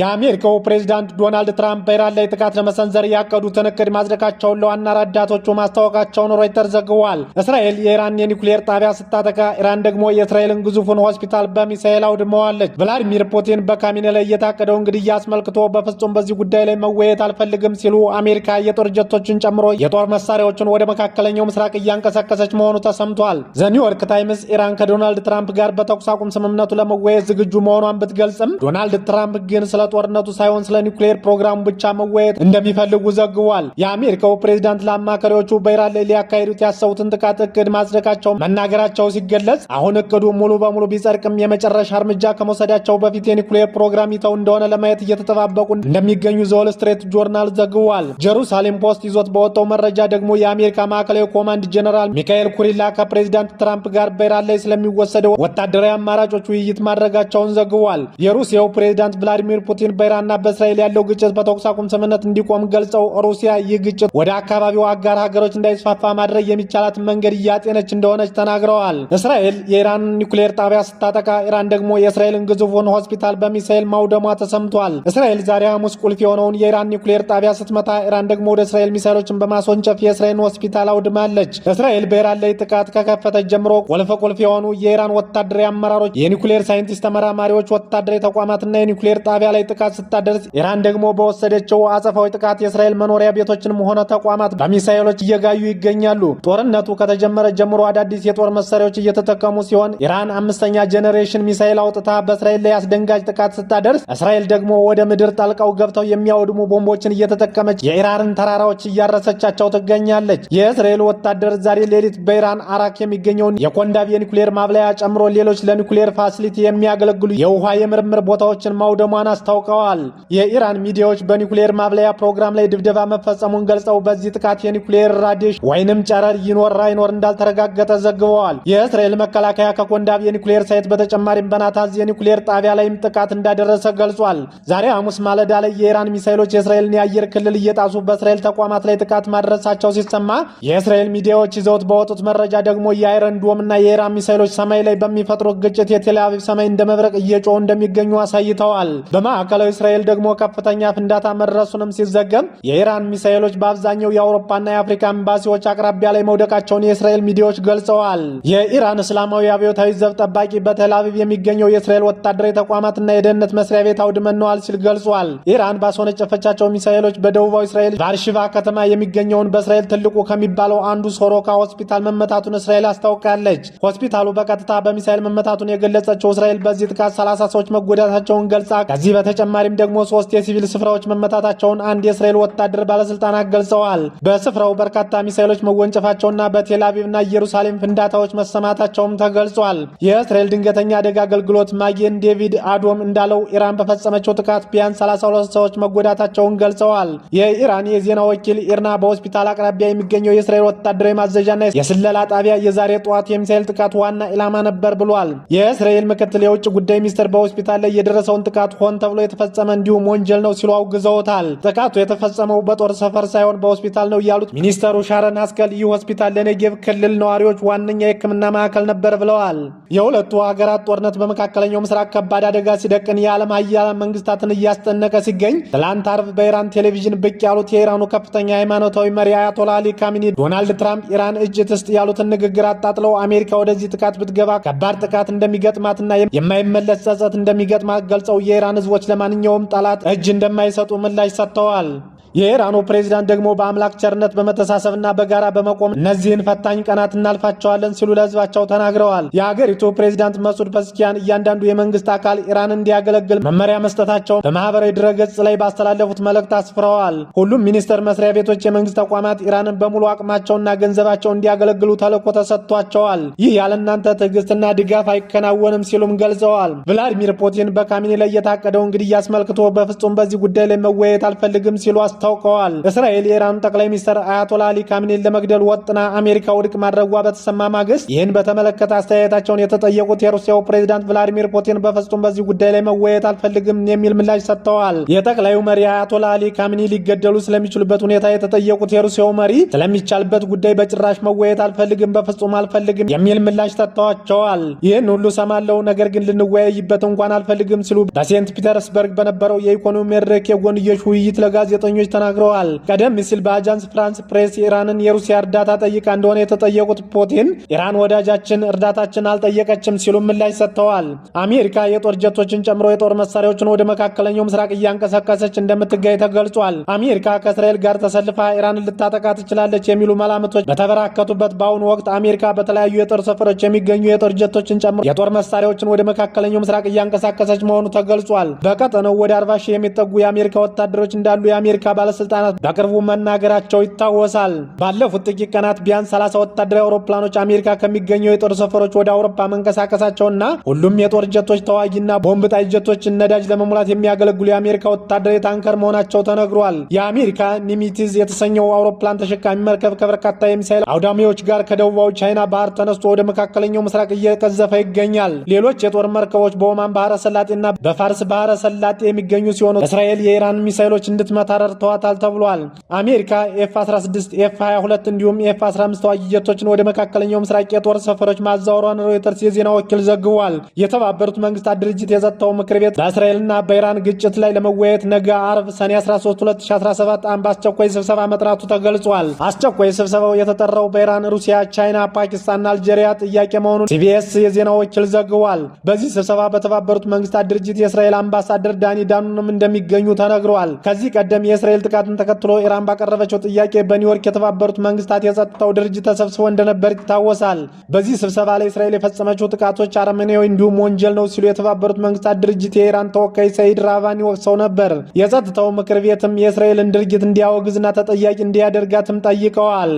የአሜሪካው ፕሬዚዳንት ዶናልድ ትራምፕ በኢራን ላይ ጥቃት ለመሰንዘር ያቀዱትን እቅድ ማጽደቃቸውን ለዋና ረዳቶቹ ማስታወቃቸውን ሮይተር ዘግቧል። እስራኤል የኢራን የኒውክሌር ጣቢያ ስታጠቃ፣ ኢራን ደግሞ የእስራኤልን ግዙፉን ሆስፒታል በሚሳኤል አውድመዋለች። ቭላዲሚር ፑቲን በካሚኔ ላይ እየታቀደው ግድያ አስመልክቶ በፍጹም በዚህ ጉዳይ ላይ መወየት አልፈልግም ሲሉ አሜሪካ የጦር ጀቶችን ጨምሮ የጦር መሳሪያዎችን ወደ መካከለኛው ምስራቅ እያንቀሳቀሰች መሆኑ ተሰምቷል። ዘ ኒውዮርክ ታይምስ ኢራን ከዶናልድ ትራምፕ ጋር በተኩስ አቁም ስምምነቱ ለመወየት ዝግጁ መሆኗን ብትገልጽም ዶናልድ ትራምፕ ግን ስለ ጦርነቱ ሳይሆን ስለ ኒውክሌር ፕሮግራሙ ብቻ መወያየት እንደሚፈልጉ ዘግቧል። የአሜሪካው ፕሬዚዳንት ለአማካሪዎቹ በኢራን ላይ ሊያካሂዱት ያሰቡትን ጥቃት እቅድ ማጽደቃቸው መናገራቸው ሲገለጽ፣ አሁን እቅዱ ሙሉ በሙሉ ቢጸድቅም የመጨረሻ እርምጃ ከመውሰዳቸው በፊት የኒውክሌር ፕሮግራም ይተው እንደሆነ ለማየት እየተጠባበቁ እንደሚገኙ ዘወል ስትሬት ጆርናል ዘግቧል። ጀሩሳሌም ፖስት ይዞት በወጣው መረጃ ደግሞ የአሜሪካ ማዕከላዊ ኮማንድ ጀነራል ሚካኤል ኩሪላ ከፕሬዚዳንት ትራምፕ ጋር በኢራን ላይ ስለሚወሰደው ወታደራዊ አማራጮች ውይይት ማድረጋቸውን ዘግቧል። የሩሲያው ፕሬዚዳንት ቭላዲሚር ፑቲን ፑቲን በኢራንና በእስራኤል ያለው ግጭት በተኩስ አቁም ስምምነት እንዲቆም ገልጸው ሩሲያ ይህ ግጭት ወደ አካባቢው አጋር ሀገሮች እንዳይስፋፋ ማድረግ የሚቻላትን መንገድ እያጤነች እንደሆነች ተናግረዋል። እስራኤል የኢራን ኒውክሌር ጣቢያ ስታጠቃ፣ ኢራን ደግሞ የእስራኤልን ግዙፉን ሆስፒታል በሚሳኤል ማውደሟ ተሰምቷል። እስራኤል ዛሬ ሐሙስ ቁልፍ የሆነውን የኢራን ኒውክሌር ጣቢያ ስትመታ፣ ኢራን ደግሞ ወደ እስራኤል ሚሳኤሎችን በማስወንጨፍ የእስራኤልን ሆስፒታል አውድማለች። እስራኤል በኢራን ላይ ጥቃት ከከፈተች ጀምሮ ቁልፍ ቁልፍ የሆኑ የኢራን ወታደራዊ አመራሮች፣ የኒውክሌር ሳይንቲስት ተመራማሪዎች፣ ወታደራዊ ተቋማትና የኒውክሌር ጣቢያ ላይ ጥቃት ስታደርስ ኢራን ደግሞ በወሰደችው አጸፋዊ ጥቃት የእስራኤል መኖሪያ ቤቶችንም ሆነ ተቋማት በሚሳኤሎች እየጋዩ ይገኛሉ። ጦርነቱ ከተጀመረ ጀምሮ አዳዲስ የጦር መሳሪያዎች እየተጠቀሙ ሲሆን ኢራን አምስተኛ ጄኔሬሽን ሚሳኤል አውጥታ በእስራኤል ላይ አስደንጋጭ ጥቃት ስታደርስ እስራኤል ደግሞ ወደ ምድር ጠልቀው ገብተው የሚያወድሙ ቦምቦችን እየተጠቀመች የኢራንን ተራራዎች እያረሰቻቸው ትገኛለች። የእስራኤል ወታደር ዛሬ ሌሊት በኢራን አራክ የሚገኘውን የኮንዳብ የኒኩሌር ማብላያ ጨምሮ ሌሎች ለኒኩሌር ፋሲሊቲ የሚያገለግሉ የውሃ የምርምር ቦታዎችን ማውደሟን አስታውቀዋል። የኢራን ሚዲያዎች በኒኩሌር ማብለያ ፕሮግራም ላይ ድብደባ መፈጸሙን ገልጸው በዚህ ጥቃት የኒኩሌር ራዲሽ ወይንም ጨረር ይኖር አይኖር እንዳልተረጋገጠ ዘግበዋል። የእስራኤል መከላከያ ከኮንዳብ የኒኩሌር ሳይት በተጨማሪም በናታዝ የኒኩሌር ጣቢያ ላይም ጥቃት እንዳደረሰ ገልጿል። ዛሬ ሐሙስ ማለዳ ላይ የኢራን ሚሳይሎች የእስራኤልን የአየር ክልል እየጣሱ በእስራኤል ተቋማት ላይ ጥቃት ማድረሳቸው ሲሰማ የእስራኤል ሚዲያዎች ይዘውት በወጡት መረጃ ደግሞ የአይረን ዶም እና የኢራን ሚሳይሎች ሰማይ ላይ በሚፈጥሩት ግጭት የቴል ሰማይ እንደ መብረቅ እየጮሁ እንደሚገኙ አሳይተዋል። ማዕከላዊ እስራኤል ደግሞ ከፍተኛ ፍንዳታ መድረሱንም ሲዘገብ የኢራን ሚሳኤሎች በአብዛኛው የአውሮፓና የአፍሪካ ኤምባሲዎች አቅራቢያ ላይ መውደቃቸውን የእስራኤል ሚዲያዎች ገልጸዋል። የኢራን እስላማዊ አብዮታዊ ዘብ ጠባቂ በተላቪቭ የሚገኘው የእስራኤል ወታደራዊ ተቋማትና የደህንነት መስሪያ ቤት አውድመነዋል ሲል ገልጿል። ኢራን ባስወነጨፈቻቸው ሚሳኤሎች በደቡባዊ እስራኤል ባርሽቫ ከተማ የሚገኘውን በእስራኤል ትልቁ ከሚባለው አንዱ ሶሮካ ሆስፒታል መመታቱን እስራኤል አስታውቃለች። ሆስፒታሉ በቀጥታ በሚሳኤል መመታቱን የገለጸችው እስራኤል በዚህ ጥቃት 30 ሰዎች መጎዳታቸውን ገልጻ ከዚህ በተጨማሪም ደግሞ ሶስት የሲቪል ስፍራዎች መመታታቸውን አንድ የእስራኤል ወታደር ባለስልጣናት ገልጸዋል። በስፍራው በርካታ ሚሳይሎች መወንጨፋቸውና በቴል ና ኢየሩሳሌም ፍንዳታዎች መሰማታቸውም ተገልጿል። የእስራኤል ድንገተኛ አደጋ አገልግሎት ማጌን ዴቪድ አዶም እንዳለው ኢራን በፈጸመችው ጥቃት ቢያንስ 32 ሰዎች መጎዳታቸውን ገልጸዋል። የኢራን የዜና ወኪል ኢርና በሆስፒታል አቅራቢያ የሚገኘው የእስራኤል ወታደራዊ ማዘዣና የስለላ ጣቢያ የዛሬ ጠዋት የሚሳኤል ጥቃት ዋና ኢላማ ነበር ብሏል። የእስራኤል ምክትል የውጭ ጉዳይ ሚኒስትር በሆስፒታል ላይ የደረሰውን ጥቃት ሆን ተብሎ ተብሎ የተፈጸመ እንዲሁም ወንጀል ነው ሲሉ አውግዘውታል። ጥቃቱ የተፈጸመው በጦር ሰፈር ሳይሆን በሆስፒታል ነው ያሉት ሚኒስተሩ ሻረን አስቀል ይህ ሆስፒታል ለኔጌብ ክልል ነዋሪዎች ዋነኛ የሕክምና ማዕከል ነበር ብለዋል። የሁለቱ ሀገራት ጦርነት በመካከለኛው ምስራቅ ከባድ አደጋ ሲደቅን የዓለም ሀያላን መንግስታትን እያስጠነቀ ሲገኝ ትላንት አርብ በኢራን ቴሌቪዥን ብቅ ያሉት የኢራኑ ከፍተኛ ሃይማኖታዊ መሪ አያቶላ አሊ ካሚኒ ዶናልድ ትራምፕ ኢራን እጅ ትስጥ ያሉትን ንግግር አጣጥለው አሜሪካ ወደዚህ ጥቃት ብትገባ ከባድ ጥቃት እንደሚገጥማትና የማይመለስ ጸጸት እንደሚገጥማት ገልጸው የኢራን ህዝቦች ለማንኛውም ጠላት እጅ እንደማይሰጡ ምላሽ ሰጥተዋል። የኢራኑ ፕሬዚዳንት ደግሞ በአምላክ ቸርነት በመተሳሰብና በጋራ በመቆም እነዚህን ፈታኝ ቀናት እናልፋቸዋለን ሲሉ ለህዝባቸው ተናግረዋል። የአገሪቱ ፕሬዚዳንት መሱድ ፐስኪያን እያንዳንዱ የመንግስት አካል ኢራን እንዲያገለግል መመሪያ መስጠታቸውን በማህበራዊ ድረገጽ ላይ ባስተላለፉት መልእክት አስፍረዋል። ሁሉም ሚኒስቴር መስሪያ ቤቶች፣ የመንግስት ተቋማት ኢራንን በሙሉ አቅማቸውና ገንዘባቸው እንዲያገለግሉ ተልዕኮ ተሰጥቷቸዋል። ይህ ያለ እናንተ ትዕግስትና ድጋፍ አይከናወንም ሲሉም ገልጸዋል። ቭላዲሚር ፑቲን በካሚኒ ላይ የታቀደውን ግድያ አስመልክቶ በፍጹም በዚህ ጉዳይ ላይ መወያየት አልፈልግም ሲሉ አስተ አስታውቀዋል። እስራኤል የኢራን ጠቅላይ ሚኒስትር አያቶላ አሊ ካሚኔን ለመግደል ወጥና አሜሪካ ውድቅ ማድረጓ በተሰማ ማግስት ይህን በተመለከተ አስተያየታቸውን የተጠየቁት የሩሲያው ፕሬዚዳንት ቭላዲሚር ፑቲን በፍጹም በዚህ ጉዳይ ላይ መወየት አልፈልግም የሚል ምላሽ ሰጥተዋል። የጠቅላዩ መሪ አያቶላ አሊ ካሚኒ ሊገደሉ ስለሚችሉበት ሁኔታ የተጠየቁት የሩሲያው መሪ ስለሚቻልበት ጉዳይ በጭራሽ መወየት አልፈልግም፣ በፍጹም አልፈልግም የሚል ምላሽ ሰጥተዋቸዋል። ይህን ሁሉ ሰማለው፣ ነገር ግን ልንወያይበት እንኳን አልፈልግም ሲሉ በሴንት ፒተርስበርግ በነበረው የኢኮኖሚ መድረክ የጎንዮሽ ውይይት ለጋዜጠኞች ተናግረዋል። ቀደም ሲል በአጃንስ ፍራንስ ፕሬስ የኢራንን የሩሲያ እርዳታ ጠይቃ እንደሆነ የተጠየቁት ፑቲን ኢራን ወዳጃችን እርዳታችን አልጠየቀችም ሲሉ ምላሽ ሰጥተዋል። አሜሪካ የጦር ጀቶችን ጨምሮ የጦር መሳሪያዎችን ወደ መካከለኛው ምስራቅ እያንቀሳቀሰች እንደምትገኝ ተገልጿል። አሜሪካ ከእስራኤል ጋር ተሰልፋ ኢራንን ልታጠቃ ትችላለች የሚሉ መላምቶች በተበራከቱበት በአሁኑ ወቅት አሜሪካ በተለያዩ የጦር ሰፈሮች የሚገኙ የጦር ጀቶችን ጨምሮ የጦር መሳሪያዎችን ወደ መካከለኛው ምስራቅ እያንቀሳቀሰች መሆኑ ተገልጿል። በቀጠነው ወደ አርባ ሺህ የሚጠጉ የአሜሪካ ወታደሮች እንዳሉ የአሜሪካ ባለስልጣናት በቅርቡ መናገራቸው ይታወሳል። ባለፉት ጥቂት ቀናት ቢያንስ 30 ወታደራዊ አውሮፕላኖች አሜሪካ ከሚገኘው የጦር ሰፈሮች ወደ አውሮፓ መንቀሳቀሳቸውና ሁሉም የጦር ጀቶች ተዋጊና ቦምብ ጣይ ጀቶች ነዳጅ ለመሙላት የሚያገለግሉ የአሜሪካ ወታደራዊ ታንከር መሆናቸው ተነግሯል። የአሜሪካ ኒሚቲዝ የተሰኘው አውሮፕላን ተሸካሚ መርከብ ከበርካታ የሚሳይል አውዳሚዎች ጋር ከደቡባዊ ቻይና ባህር ተነስቶ ወደ መካከለኛው ምስራቅ እየቀዘፈ ይገኛል። ሌሎች የጦር መርከቦች በኦማን ባህረ ሰላጤና በፋርስ ባህረ ሰላጤ የሚገኙ ሲሆኑ እስራኤል የኢራን ሚሳይሎች እንድትመታ ተዋታል ተብሏል። አሜሪካ ኤፍ 16 ኤፍ 22 እንዲሁም ኤፍ 15 ተዋጊ ጀቶችን ወደ መካከለኛው ምስራቅ የጦር ሰፈሮች ማዛወሯን ሮይተርስ የዜና ወኪል ዘግቧል። የተባበሩት መንግስታት ድርጅት የጸጥታው ምክር ቤት በእስራኤልና በኢራን ግጭት ላይ ለመወያየት ነገ አርብ ሰኔ 13 2017 ዓ.ም በአስቸኳይ ስብሰባ መጥራቱ ተገልጿል። አስቸኳይ ስብሰባው የተጠራው በኢራን፣ ሩሲያ፣ ቻይና፣ ፓኪስታንና አልጄሪያ ጥያቄ መሆኑን ሲቢኤስ የዜና ወኪል ዘግቧል። በዚህ ስብሰባ በተባበሩት መንግስታት ድርጅት የእስራኤል አምባሳደር ዳኒ ዳኑንም እንደሚገኙ ተነግሯል። ከዚህ ቀደም የእስራኤል የእስራኤል ጥቃትን ተከትሎ ኢራን ባቀረበችው ጥያቄ በኒውዮርክ የተባበሩት መንግስታት የጸጥታው ድርጅት ተሰብስቦ እንደነበር ይታወሳል። በዚህ ስብሰባ ላይ እስራኤል የፈጸመችው ጥቃቶች አረመኔያዊ እንዲሁም ወንጀል ነው ሲሉ የተባበሩት መንግስታት ድርጅት የኢራን ተወካይ ሰይድ ራቫኒ ወቅሰው ነበር። የጸጥታው ምክር ቤትም የእስራኤልን ድርጊት እንዲያወግዝና ተጠያቂ እንዲያደርጋትም ጠይቀዋል።